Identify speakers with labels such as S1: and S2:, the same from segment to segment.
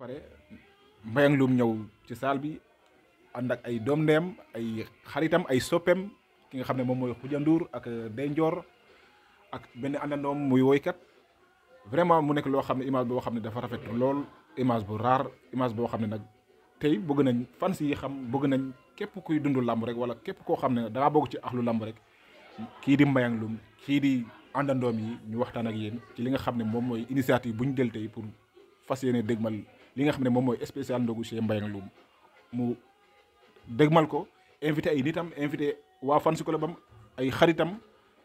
S1: pare mbayang lum ñëw ci saal bi ànd ak ay doom ndeem ay xaritam ay soppeem ki nga xam ne moom mooy xujanduur ak euh, denjoor ak benn àndandoom muy woykat vraiment mu nekk loo xam ne image boo xam ne dafa rafet lool image bu raar image boo xam ne nag tey bëgg nañ fans yi xam bëgg nañ képp kuy dundu làmb rek wala képp koo xam ne dangaa bokk ci axlu làmb rek kii di mbayang lum kii di àndandoom yi ñu waxtaan ak yéen ci li nga xam ne moom mooy initiative bu ñu jël tey pour fas yéene dégmal li nga xam ne moom mooy spécial ndogu chez Mbayang Loum mu dégmal ko invité ay nitam invité waa fan si ko la bam ay xaritam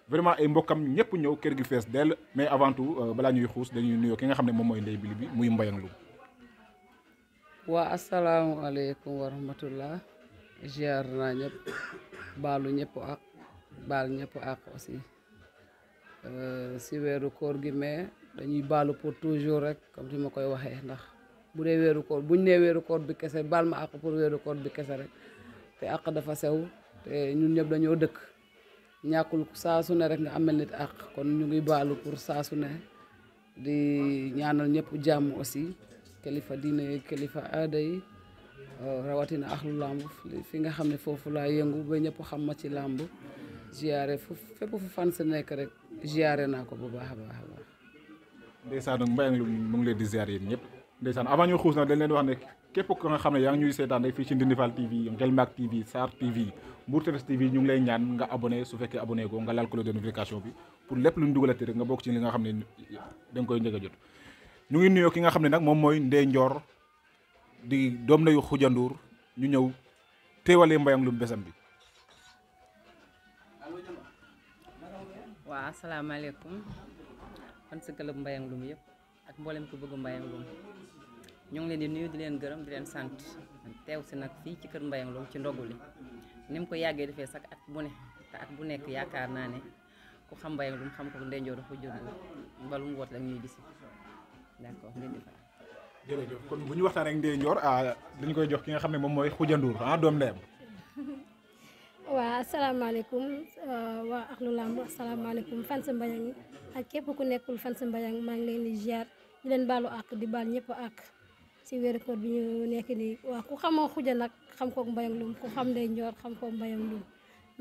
S1: vraiment ay mbokkam ñëpp ñëw kër gi fees dell mais avant tout euh, balaa ñuy xuus dañuy nuyoo ki nga xam ne moom mooy ndey bili bi muy Mbayang Loum
S2: waa asalaamualeykum wa rahmatullah ziar naa ñëpp baalu ñëpp ak baal ñëpp ak aussi euh, si weeru koor gi mais dañuy baalu pour toujours rek comme ni ma koy waxee ndax bu dee weeru koor buñ nee weeru koor bi kese baal ma àq pour weeru koor bi kese rek te àq dafa sew te ñun ñëpp dañoo dëkk ñàkkul saasu su ne rek nga amel nit àq kon ñu ngi baalu pour saasu ne di ñaanal ñëpp jàmm aussi kilifa diine yi kilifa aada euh, rawatina axlu làmb fi nga xam ne foofu laa yëngu ba ñëpp xam ma ci làmb ziyaare fu fépp fu fan nekk rek ziyaare naa ko bu baax a baax a baax.
S1: ndeysaan nag mbay mu ngi leen di ziyaare yéen ñëpp. ndeysaan avant ñu xuus nag dañ leen wax ne képp ko nga xam ne yaa ngi ñuy seetaan rek fii ci Ndindy TV Guelmak TV Sarr TV Mbour Tefesse TV ñu ngi lay ñaan nga abonné su fekkee abonné ko nga laal cloche de notification bi pour lépp lu ñu dugalati rek nga bokk ci li nga xam ne da koy njëkk a jot ñu ngi nuyoo ki nga xam ne nag moom mooy Ndeye Ndior di doom nayu xujanduur ñu ñëw teewalee mbayam lu besam
S2: bi waaw asalaamaaleykum fan si club lu yëpp ak mboolem ko bëgg mbayam lu ñu ngi leen di nuyu di leen gërëm di leen sant teew si nag fii ci kër Mbayang lu ci ndogu li ni mu ko yàggee defee sax at bu ne te at bu nekk yaakaar naa ne ku xam mbayam lu xam ko ndenjoo dafa jóg ba lu mu woot la ñuy gis d'accord ngeen di faral. jërëjëf kon bu ñu
S1: waxtaan ak Ndeye Ndior ah, dañ koy jox ki nga xam ne moom mooy Khoudia Ndour ah doom ndeyam.
S2: waaw asalaamaaleykum waa Akhlu Lamb asalaamaaleykum fan sa Mbayang ak képp ku nekkul fan sa Mbayang maa ngi leen di ziar dilen balu ak di bal ñep ak ci wër ko bi ñu nekk ni wa ku xamoo xuja nak xam kook mbayang lu ku xam day ñor xam kook mbayang lum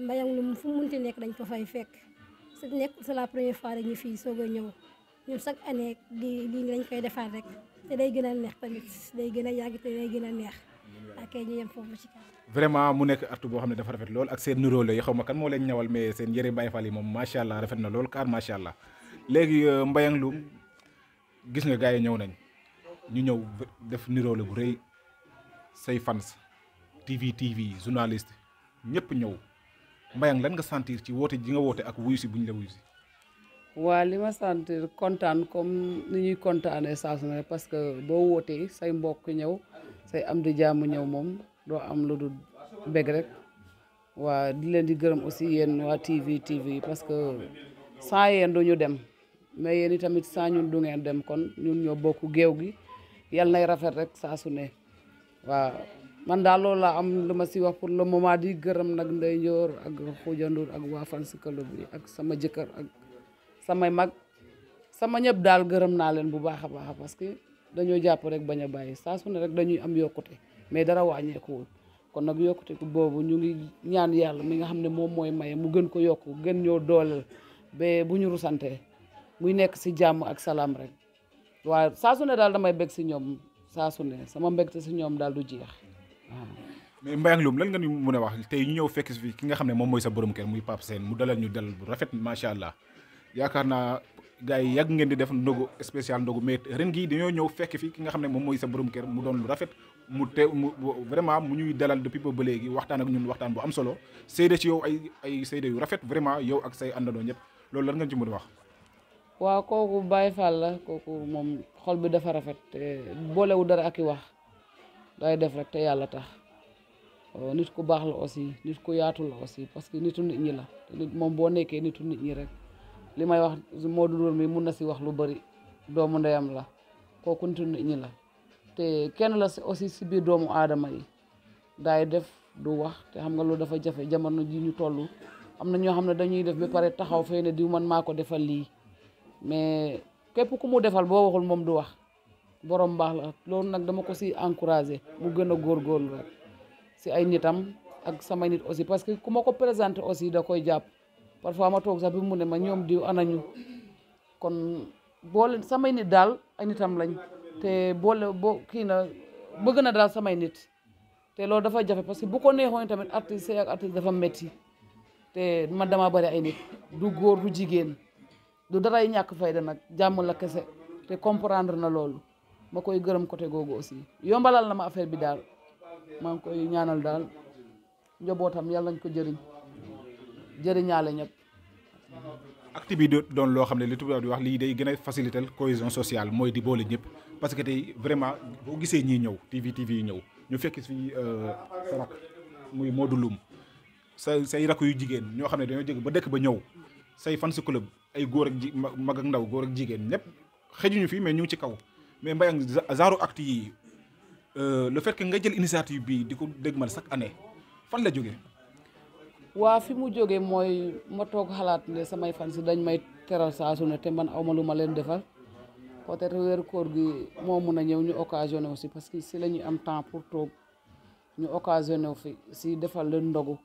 S2: mbayang lu fu munti nekk dañ ko fay fekk ci nekk c'est la première fois rek ñu fii soog ñew ñëw ñun chaque année di lii dañ koy défar rek té day gëna neex tamit day gëna a té day gëna neex ak ñu e yëm fofu ci
S1: vraiment mu nekk artu bo xamne dafa rafet lool ak seen nuro lay xawma kan mo leen ñawal mais seen yëre Baye Fall yi moom macha allah rafet na lool car macha allah léegi euh, mbayang lu gis nga gars yi ñëw nañ ñu ñëw def niroole bu rëy say fans TV TV journaliste ñëpp ñëw Mbayang lan nga sentir ci woote ji nga woote ak wuyu si bu ñu la wuyu si.
S2: waa li ma sentir kontaan comme ni ñuy kontaanee saa su ne parce que boo wootee say mbokk ñëw say am di jaamu ñëw moom doo am lu du bég rek waa di leen di gërëm aussi yéen waa TV TV parce que sans yéen du dem. mais yéen tamit sa ñun du ngeen dem kon ñun ñoo bokku geew gi yalla nay rafet rek sa su ne wa man da lo la am lu ma si wax pour le moment di gërëm nak ndey Ndior ak Khoudia ak wa fan club bi ak sama jëkkër ak samay mag sama ñep dal nalen na leen bu baaxa baaxa parce que dañu japp rek baña baye sa su ne rek dañuy am yokuté mais dara wàññeekuwul kon nak yokuté ko bobu ñu ngi ñaan yalla mi nga xam ne moy maye mu gën ko yokku gën ñoo dooleel be buñu rusanté muy nek ci jamm ak salam rek wa sa su ne daal damay bég ci ñom sa su ne sama mbégte ci ñom dal du jeex
S1: mais mbay ak lum lan nga ñu mën a wax tay ñu ñëw fekk fi ki nga xam mom moy sa borom kër muy pap sen mu dalal ñu dal bu rafet ma sha allah yaakaar naa yag ngeen di def ndogu spécial ndogu mais ren gi dañu ñëw fekk fi ki nga xam mom moy sa borom kër mu doon lu rafet mu té vraiment mu ñuy dalal depuis ba légui waxtaan ak ñun waxtaan bu am solo seede ci yow ay ay seede yu rafet vraiment yow ak say àndandoo ñëpp lolou lan nga ci mën a wax.
S2: waaw kooku Baye Fall la kooku moom xol bi dafa rafet te boolewu dara ak i wax day def rek te yàlla tax oh, nit ku baax la aussi nit ku yaatu la aussi parce que nitu nit ñi la te nit moom boo nekkee nitu nit ñi rek li may wax Modou Ndour mi mun na si wax lu bëri doomu ndeyam la kooku ñi la te kenn la aussi si biir doomu aadama yi daay def du wax te xam nga loolu dafa jafe jamono ji ñu toll am na ñoo xam ne dañuy def ba pare taxaw fay ne di man maa ko defal lii mais képp ku mu defal boo waxul moom du wax borom mbaax la loolu nag dama ko si encouragé mu gën a góor rek si ay nitam ak sama nit aussi parce que ku ma ko présenté aussi da koy jàpp parfois ma toog sax bi mu ne ma ñoom diw anañu kon boole samay nit daal ay nitam lañ te boole boo kii na bëgg na daal samay nit te loolu dafa jafe parce que bu ko neexoon tamit artiste ak artiste dafa metti te man dama bari ay nit du góor du jigéen du daray ñàkk fayda nag jàmm la kese te comprendre na loolu ma koy gërëm côté googu aussi yombalal na ma affaire bi daal maa ngi koy ñaanal daal njobootam yàlla nañ ko jëriñ jëriñaale ñëpp.
S1: acte doon loo xam ne li tubaab di wax lii day gën a faciliter cohésion sociale mooy di boole ñëpp parce que tey vraiment boo gisee ñi ñëw TV TV yi ñëw ñu fekk fii euh, sa rakk muy Modou Loum sa say rakk yu jigéen ñoo xam ne dañoo jóg ba dëkk ba ñëw say fan si club ay góor ak ji mag ndaw góor ak jigéen ñëpp xëjuñu fi mais ñu ci kaw mais Mbayang genre act yi euh, le fait que nga jël initiative bi di ko dégmal chaque année fan la jógee.
S2: waa fi mu jógee mooy ma toog xalaat ne samay fan si dañ may teral saa su ne te man awma lu ma leen defal peut-être weeru koor gi moo mun a ñëw ñu occasionné si parce que si lañuy am temps pour toog ñu occasionné fi si defal leen ndogu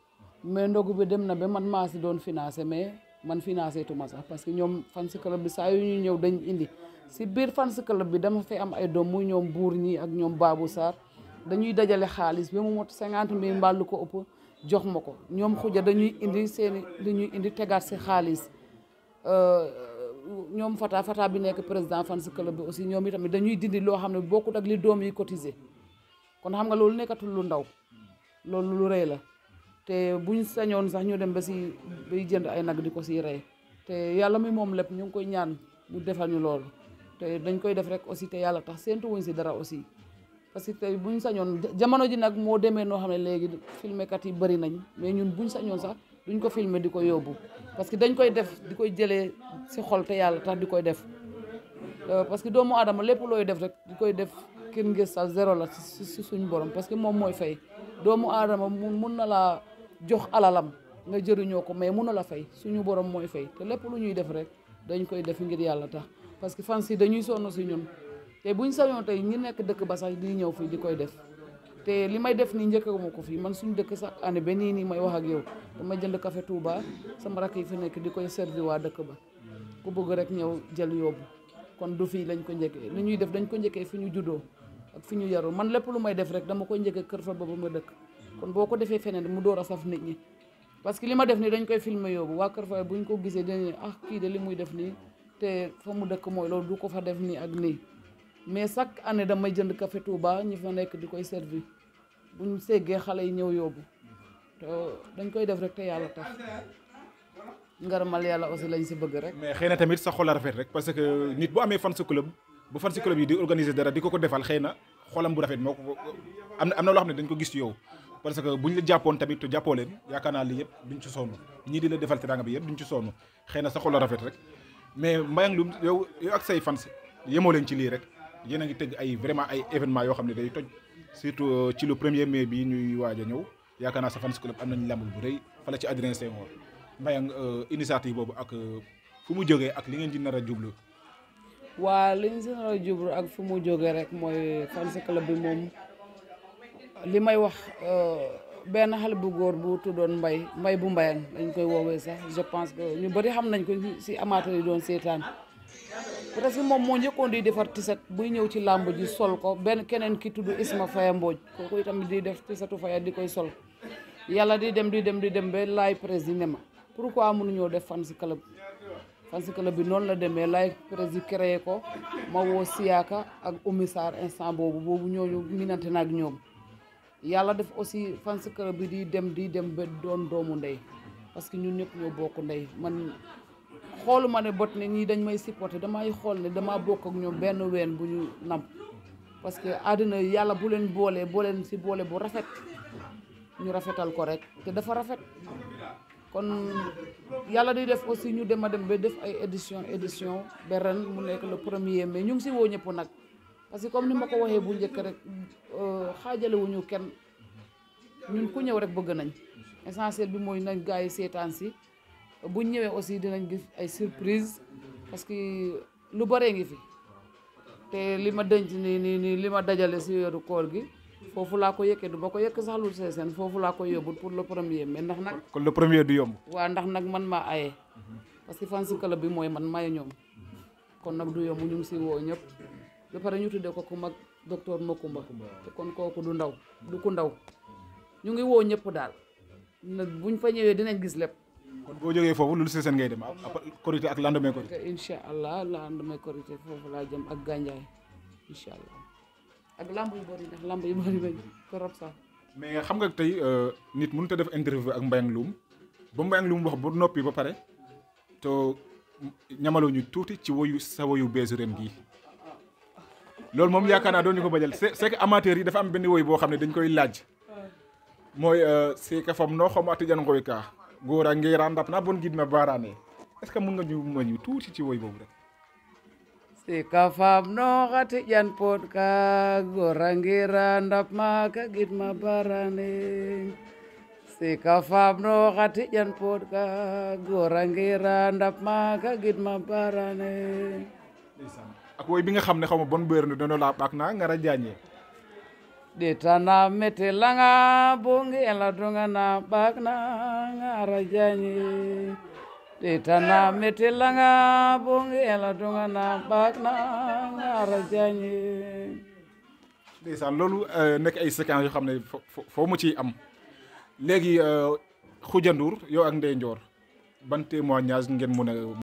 S2: mais ndogu bi dem na ba man maa si doon financé mais. man financé tuma sax parce que ñoom fans club bi saa yu ñuy ñëw dañ indi si biir fans club bi dama fi am ay doom muy ñoom buur ñi ak ñoom Babou Sarr dañuy dajale xaalis ba mu mot cinquante mille mbaa lu ko ëpp jox ma ko ñoom xuja dañuy indi seeni li ñuy indi tegaat si xaalis euh, ñoom Fata Fata bi nekk président fans club bi aussi ñoom itamit dañuy dindi loo xam ne bokkut ak li doom yi cotisé kon xam nga loolu nekkatul lu ndaw loolu lu rëy la te buñ sañoon sax ñu dem ba ci bay jënd ay nag diko ci te yàlla mi mom lepp ñu ngi koy ñaan bu defal ñu lool te dañ koy def rek aussi te yalla tax sentu wuñ ci dara aussi parce que tey buñ sañoon jamono ji nak mo démé no xamné légui filmé kat yi bari nañ mais ñun buñ sañoon sax duñ ko filmé diko yobbu parce que dañ koy def diko jëlé ci xol te yalla tax diko def euh, parce que doomu adam lepp loy def rek di def kenn ngir sal zéro la ci suñ borom parce que mom moy fay doomu adam mun na la jox alalam nga jëriñoo ko mais mënu la fay suñu borom moy fay te lépp lu ñuy def rek dañ koy def ngir yalla tax parce que fans yi dañuy sonu ci ñun té buñ sañu tay ñi nekk dëkk ba sax di ñëw fi di koy def te limay def ni njëkkuma ko fi man suñu dëkk sax année ba ni may wax ak yow dama jënd café Touba sama rak yi fi nekk di koy servir wa dëkk ba ku bëgg rek ñëw jël yobbu kon du fi lañ ko ñëkke li ñuy def dañ ko ñëkke fi ñu juddoo ak fi ñu yaru man lépp lu may def rek dama ko ñëkke kër fa dëkk kon boo ko defee feneen mu door a saf nit ñi parce que li ma def nii dañ koy filmer yóbbu waa Kër Faye buñ ko gisee dañ ah kii de li muy def nii te fa mu dëkk mooy loolu du ko fa def nii ak nii mais chaque année damay jënd café Touba ñi fa nekk di koy servir buñ séggee xale yi ñëw yóbbu dañ koy def rek te yàlla tax ngaramal yàlla aussi lañ si bëgg rek. mais xëy
S1: na tamit sa xol a rafet rek parce que nit bu amee fan sa club bu fan sa club yi di organiser dara di ko ko defal xëy na xolam bu rafet moo ko am na am na loo xam ne dañ ko gis yow. parce que bu ñu la jàppoon tamit jàppoo leen yaakaar naa lii yëpp duñ ci sonn ñii di la defal teraanga bi yëpp duñ ci sonn xëy na sa xol la rafet rek mais Mbayang Loum yow yow ak say fans yemoo leen ci lii rek yéen a ngi tëgg ay vraiment ay événement yoo xam ne day toj surtout euh, ci le premier mai bii ñuy waaj a ñëw yaakaar naa sa fans club am nañ làmb bu rëy fala ci Adrien Senghor Mbayang euh, initiative boobu ak euh, fu mu jógee ak li ngeen ji nar a jublu
S2: waa ak fu mu jógee rek mooy fans club bi moom li may wax euh, benn xale bu góor bu tuddoon mbay mbay bu mbayang dañ koy woowee sax je pense que ñu bëri xam nañ ko si amateur yi doon seetaan parce que moom moo njëkkoon di defar tiset buy ñëw ci làmb ji sol ko benn keneen ki tudd Isma Faya Mbooj kooku itam di def tisatu Faya di koy sol yàlla di dem di dem di dem ba laay presse di ne ma pourquoi mënuñoo def fan si club fan si club bi noonu la demee laay presse di créé ko ma woo Siyaaka ak Oumy Sarr instant boobu boobu ñooñu minante na ak yalla def aussi fan club bi di dem di dem be doon doomu ndey parce que ñun ñep ñoo bokku ndey man xoluma ne bot ne ñi dañ may supporter ay xol ne dama bokk ak ñoom benn wène bu ñu nam parce que aduna yalla bu len bolé bo len si bolé bu rafet ñu rafetal ko rek te dafa rafet kon yalla di def aussi ñu dem a dem be def ay édition édition be ren mu nekk le premier mais ñu ngi si wo ñep nak parce que comme ni mako waxe bu ñëk rek euh, xajalé wuñu kenn ñun ku ñëw rek bëgg nañ essentiel bi moy nañ gaay yi ci bu ñëwé aussi dinañ gis ay surprise parce que lu bëree ngi fi te li ma denc ni lima nii li ma dajale si weeru koor gi fofu la ko yëkkee du bako ko yëkk sax lu seeseen fofu la ko yobul pour le premier mais ndax nak
S1: ko le premier du yomb.
S2: wa ndax nak man ma ayé parce que fans si club bi moy man maay ñom kon nak du yomb ñu ngi si ñëpp. ba pare ñu tuddee ko ku mag docteur Makumba te kon kooku du ndaw du ku ndaw ñu ngi woo ñëpp daal nag buñ fa ñëwee dinañ gis lépp.
S1: kon boo jógee foofu lu seen ngay dem korité ak lendemain korité.
S2: incha allah lendemain korité foofu laa jëm ak gànjaay incha allah ak lamb yu bëri ndax lamb yu bëri bañ trop sax.
S1: mais xam nga tey euh, nit mënut a def interview ak Mbayang Loum ba Mbayang Loum wax ba noppi ba pare te ñamaluñu tuuti ci woyu sa woyu beesu rem gii. loolu moom yaakaar naa doon ñu ko bañal c'est que amateur yi dafa am benn boo xam ne dañ koy laaj mooy euh, seka fam noo xawma a ngeera ndap naa bon gid ma baaraane est-ce que mën nga ñu ma ñu tuuti ci woy
S2: boobu poot a ngeera ndap ka gid ma baaraane ka gid ma ak woy bi nga xam ne xaw ma bon béer dono laa ɓaak na ngara jañe ɗe tana mete langa bonge ela donga na ɓaak na ngara jañe ɗe tana mete langa bonge ela donga na ɓaak na ngara jañe
S1: ndeysaan loolu euh, nekk ay séquences yoo xam ne foo mu ciy am léegi euh, Khoudia Ndour yow ak Ndeye Ndior ban témoignage ngeen mun